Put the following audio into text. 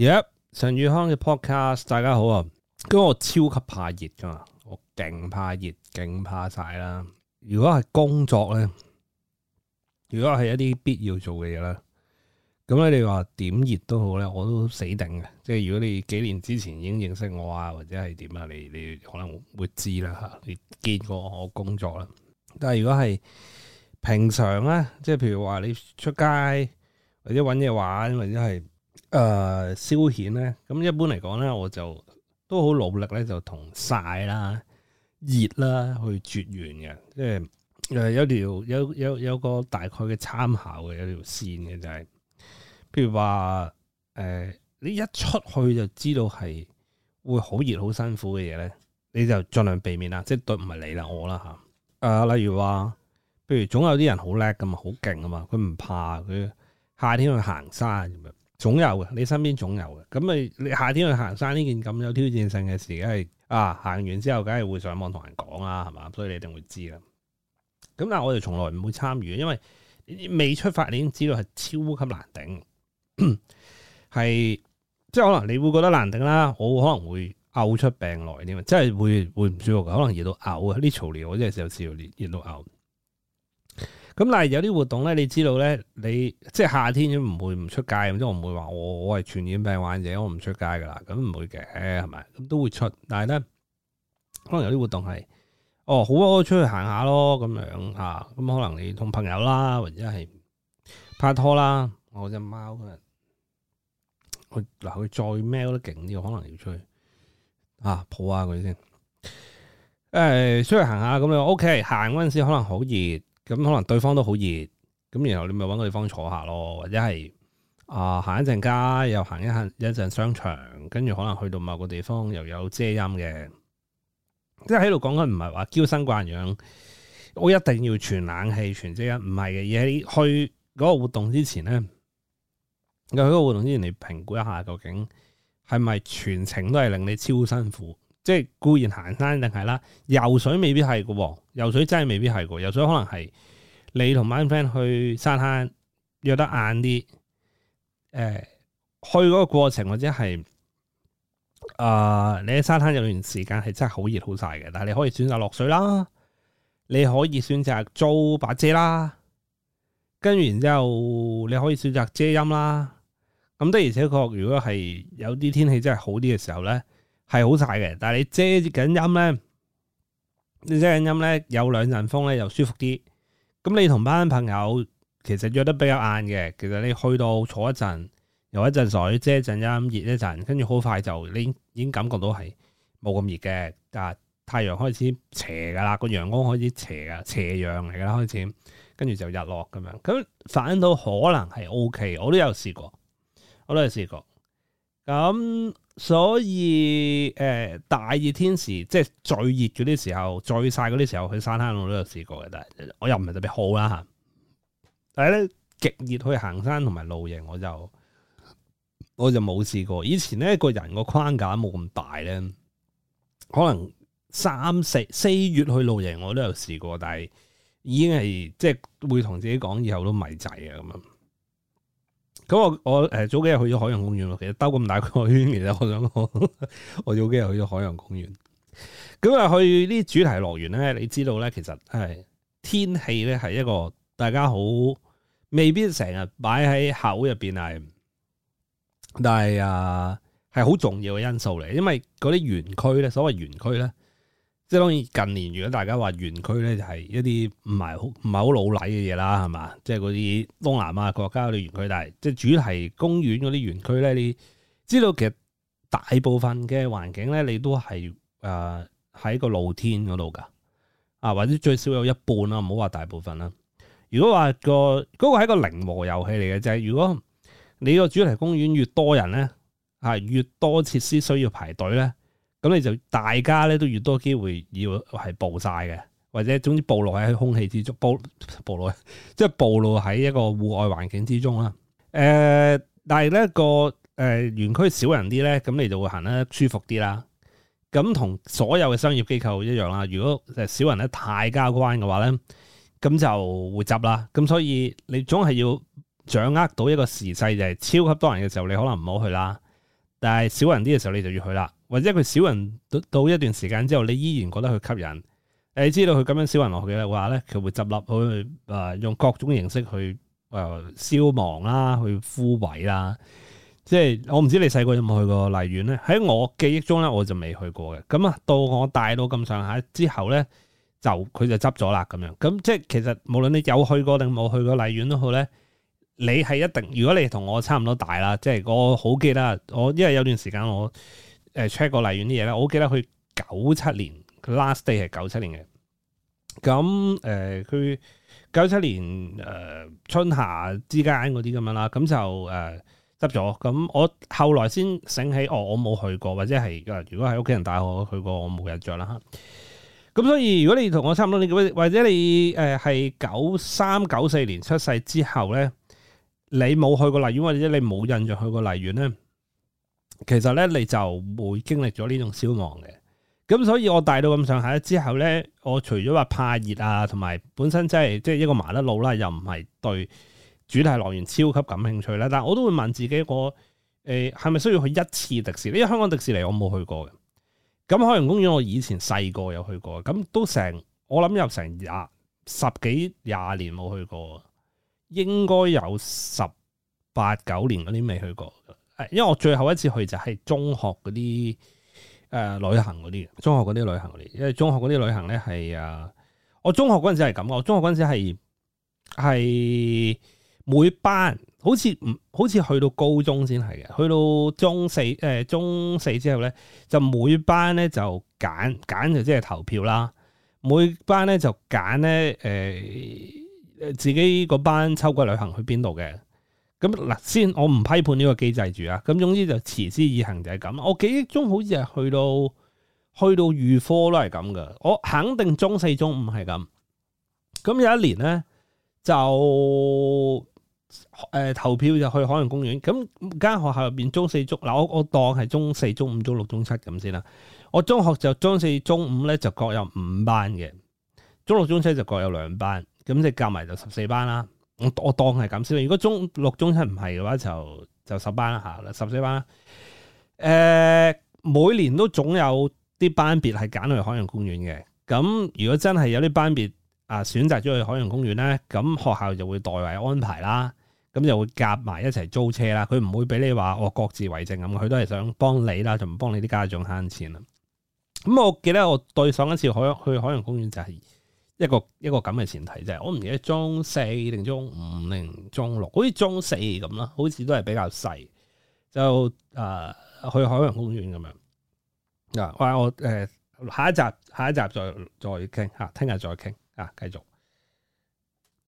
yep 陳宇康嘅 podcast，大家好啊！咁我超級怕熱噶，我勁怕熱，勁怕晒啦。如果係工作咧，如果係一啲必要做嘅嘢啦，咁咧你話點熱都好咧，我都死頂嘅。即係如果你幾年之前已經認識我啊，或者係點啊，你你可能會知啦吓，你見過我工作啦。但係如果係平常咧，即係譬如話你出街或者搵嘢玩，或者係。誒、呃、消遣咧，咁一般嚟講咧，我就都好努力咧，就同晒啦、熱啦去絕緣嘅。即係有條有有有個大概嘅參考嘅有條線嘅就係、是，譬如話誒、呃、你一出去就知道係會好熱好辛苦嘅嘢咧，你就盡量避免啦，即係對唔係你啦我啦嚇、呃，例如話，譬如總有啲人好叻㗎嘛，好勁㗎嘛，佢唔怕佢夏天去行山咁樣總有嘅，你身邊總有嘅。咁咪你夏天去行山呢件咁有挑戰性嘅事，梗係啊行完之後，梗係會上網同人講啦，係嘛？所以你一定會知啦。咁但係我哋從來唔會參與，因為未出發你已經知道係超級難頂，係 即係可能你會覺得難頂啦。我可能會嘔出病來啲嘛，即係會會唔舒服嘅，可能熱到嘔啊！啲嘈料我真係有時會熱到嘔。咁嗱，但係有啲活動咧，你知道咧，你即係夏天都唔會唔出街，即、就是、我唔會話我我係傳染病患者，我唔出街噶啦，咁唔會嘅，係咪？咁都會出，但係咧，可能有啲活動係，哦，好啊，我出去行下咯，咁樣嚇，咁、啊嗯、可能你同朋友啦，或者係拍拖啦，我隻貓可能，佢嗱佢再咩都勁啲，我可能要出去啊，抱下佢先。誒、欸，出去行下咁就 O K，行嗰陣時可能好熱。咁可能對方都好熱，咁然後你咪搵個地方坐下咯，或者係啊行一陣街，又行一陣一陣商場，跟住可能去到某個地方又有遮陰嘅。即係喺度講緊唔係話嬌生慣養，我一定要全冷氣全遮陰，唔係嘅，而係去嗰個活動之前咧，去嗰個活動之前你評估一下究竟係咪全程都係令你超辛苦。即係固然行山定係啦，游水未必係嘅，游水真係未必係嘅，游水可能係你同班 friend 去沙灘，約得晏啲，誒、呃，去嗰個過程或者係，啊、呃，你喺沙灘有段時間係真係好熱好晒嘅，但係你可以選擇落水啦，你可以選擇租把遮啦，跟住然之後你可以選擇遮陰啦，咁的而且確如果係有啲天氣真係好啲嘅時候咧。係好曬嘅，但係你遮緊陰咧，你遮緊陰咧，有兩陣風咧，又舒服啲。咁你同班朋友其實約得比較晏嘅，其實你去到坐一陣，游一陣水，遮一陣陰，熱一陣，跟住好快就你已經感覺到係冇咁熱嘅。但、啊、太陽開始斜噶啦，個陽光開始斜噶，斜陽嚟噶啦開始，跟住就日落咁樣。咁反映到可能係 O K，我都有試過，我都有試過。咁。所以誒、呃，大熱天時，即係最熱嗰啲時候，最晒嗰啲時候去沙灘，我都有試過嘅。但係我又唔係特別好啦吓。但係咧極熱去行山同埋露營，我就我就冇試過。以前咧個人個框架冇咁大咧，可能三四四月去露營，我都有試過，但係已經係即係會同自己講，以後都咪滯啊咁樣。咁我我誒早幾日去咗海洋公園，其實兜咁大個圈，其實我想講我早幾日去咗海洋公園。咁啊去呢啲主題樂園咧，你知道咧，其實係天氣咧係一個大家好未必成日擺喺口入邊係，但係啊係好重要嘅因素嚟，因為嗰啲園區咧，所謂園區咧。即係當然，近年如果大家話園區咧，就係一啲唔係好唔係好老禮嘅嘢啦，係嘛？即係嗰啲東南亞國家嗰啲園區，但係即係主題公園嗰啲園區咧，你知道其實大部分嘅環境咧，你都係誒喺個露天嗰度㗎，啊或者最少有一半啦，唔好話大部分啦。如果話個嗰、嗰個係個零和遊戲嚟嘅，就係、係、如果你個主題公園越多人咧，越多設施需要排隊咧。咁你就大家咧都越多機會要係暴曬嘅，或者總之暴露喺空氣之中，暴暴露即係暴露喺一個戶外環境之中啦。誒、呃，但係咧個誒園區少人啲咧，咁你就會行得舒服啲啦。咁同所有嘅商業機構一樣啦。如果誒少人咧太交關嘅話咧，咁就會執啦。咁所以你總係要掌握到一個時勢，就係、是、超級多人嘅時候，你可能唔好去啦。但係少人啲嘅時候，你就要去啦。或者佢少人到一段時間之後，你依然覺得佢吸引。你知道佢咁樣少人落去嘅話咧，佢會執笠，去誒，用各種形式去消亡啦，去枯萎啦。即係我唔知你細個有冇去過荔園咧？喺我記憶中咧，我就未去過嘅。咁啊，到我大到咁上下之後咧，就佢就執咗啦咁樣。咁即係其實無論你有去過定冇去過荔園都好咧，你係一定。如果你同我差唔多大啦，即係我好記得，我因為有段時間我。誒，check 過荔園啲嘢咧，我記得佢九七年，last day 係九七年嘅。咁誒，佢九七年誒、呃、春夏之間嗰啲咁樣啦，咁就誒執咗。咁、呃、我後來先醒起，哦，我冇去過，或者係如果喺屋企人帶我去過，我冇印象啦。咁所以如果你同我差唔多，或者你誒係九三九四年出世之後咧，你冇去過荔園或者你冇印象去過荔園咧。其實咧，你就會經歷咗呢種消亡嘅。咁所以，我大到咁上下之後咧，我除咗話怕熱啊，同埋本身即係即係一個麻甩佬啦，又唔係對主題樂園超級感興趣呢。但我都會問自己，我誒係咪需要去一次迪士尼？因為香港迪士尼我冇去過嘅。咁海洋公園我以前細個有去過，咁都成我諗有成廿十,十幾廿年冇去過，應該有十八九年嗰啲未去過。因為我最後一次去就係中學嗰啲，呃、旅行嗰啲，中學嗰啲旅行嚟，因為中學嗰啲旅行咧係啊，我中學嗰陣時係咁，我中學嗰陣時係係每班好似唔好似去到高中先係嘅，去到中四，呃、中四之後咧，就每班咧就揀揀就即係投票啦，每班咧就揀咧，呃、自己嗰班秋季旅行去邊度嘅。咁嗱，先我唔批判呢個機制住啊！咁總之就持之以恒，就係咁。我記憶中好似係去到去到預科都係咁噶。我肯定中四、中五係咁。咁有一年咧就、呃、投票就去海洋公園。咁間學校入面，中四、中，嗱我我當係中四、中五、中六、中七咁先啦。我中學就中四、中五咧就各有五班嘅，中六、中七就各有兩班，咁即係夾埋就十四班啦。我我當係咁先。如果中六、中七唔係嘅話就，就就十班下啦，十四班下。誒、呃，每年都總有啲班別係揀去海洋公園嘅。咁如果真係有啲班別啊選擇咗去海洋公園咧，咁學校就會代為安排啦。咁就會夾埋一齊租車啦。佢唔會俾你話我各自為政咁。佢都係想幫你啦，就唔幫你啲家長慳錢啦。咁我記得我對上一次海去海洋公園就係、係。一個一個咁嘅前提啫，我唔記得中四定中五定中六，好似中四咁啦，好似都係比較細就誒、呃、去海洋公園咁樣嗱、啊，我我誒、呃、下一集下一集再再傾吓，聽日再傾啊，繼續。